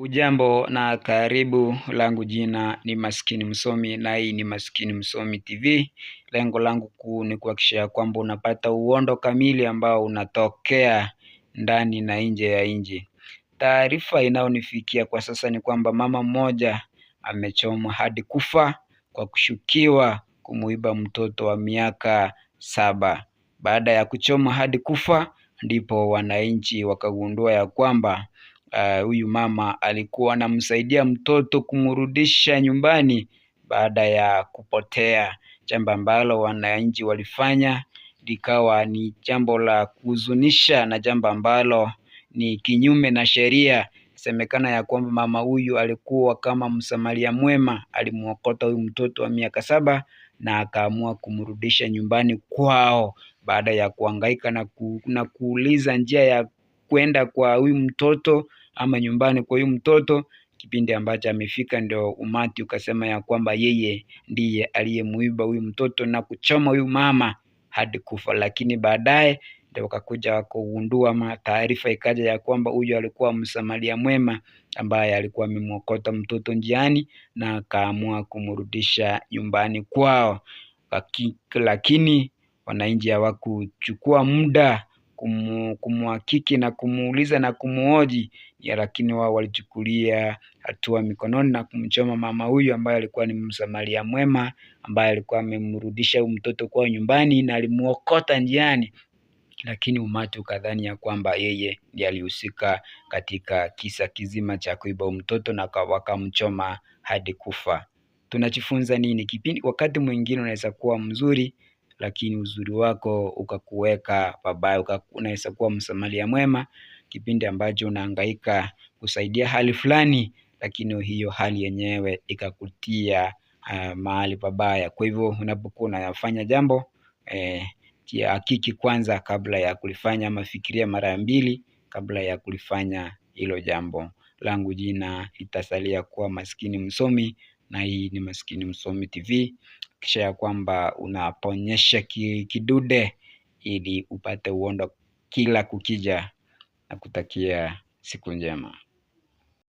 Ujambo na karibu. Langu jina ni Maskini Msomi na hii ni Maskini Msomi TV. Lengo langu kuu ni kuhakikisha kwamba unapata uondo kamili ambao unatokea ndani na nje ya nchi. Taarifa inayonifikia kwa sasa ni kwamba mama mmoja amechomwa hadi kufa kwa kushukiwa kumuiba mtoto wa miaka saba. Baada ya kuchomwa hadi kufa, ndipo wananchi wakagundua ya kwamba Eh, huyu uh, mama alikuwa anamsaidia mtoto kumrudisha nyumbani baada ya kupotea, jambo ambalo wananchi walifanya likawa ni jambo la kuhuzunisha na jambo ambalo ni kinyume na sheria. Semekana ya kwamba mama huyu alikuwa kama msamaria mwema, alimwokota huyu mtoto wa miaka saba na akaamua kumrudisha nyumbani kwao baada ya kuangaika na, ku, na kuuliza njia ya kwenda kwa huyu mtoto ama nyumbani kwa huyu mtoto. Kipindi ambacho amefika, ndio umati ukasema ya kwamba yeye ndiye aliyemuiba huyu mtoto na kuchoma huyu mama hadi kufa, lakini baadaye ndio wakakuja kugundua, ama taarifa ikaja ya kwamba huyu alikuwa msamaria mwema ambaye alikuwa amemwokota mtoto njiani na akaamua kumrudisha nyumbani kwao. Lakini wananchi hawakuchukua muda kumuhakiki na kumuuliza na kumuoji, lakini wao walichukulia hatua mikononi na kumchoma mama huyu ambaye alikuwa ni Msamaria mwema ambaye alikuwa amemrudisha huyu mtoto kwao nyumbani na alimuokota njiani lakini umati ukadhani ya kwamba yeye ndiye alihusika katika kisa kizima cha kuiba mtoto na wakamchoma hadi kufa. Tunajifunza nini? Kipindi wakati mwingine unaweza kuwa mzuri lakini uzuri wako ukakuweka pabaya, unaweza kuwa msamaria mwema kipindi ambacho unahangaika kusaidia hali fulani, lakini hiyo hali yenyewe ikakutia uh, mahali pabaya. Kwa hivyo unapokuwa unafanya jambo eh, hakiki kwanza kabla ya kulifanya, ama fikiria mara mbili kabla ya kulifanya hilo jambo. Langu jina litasalia kuwa Maskini Msomi, na hii ni Maskini Msomi TV. Kisha ya kwamba unaponyesha kidude ili upate uondo kila kukija na kutakia siku njema.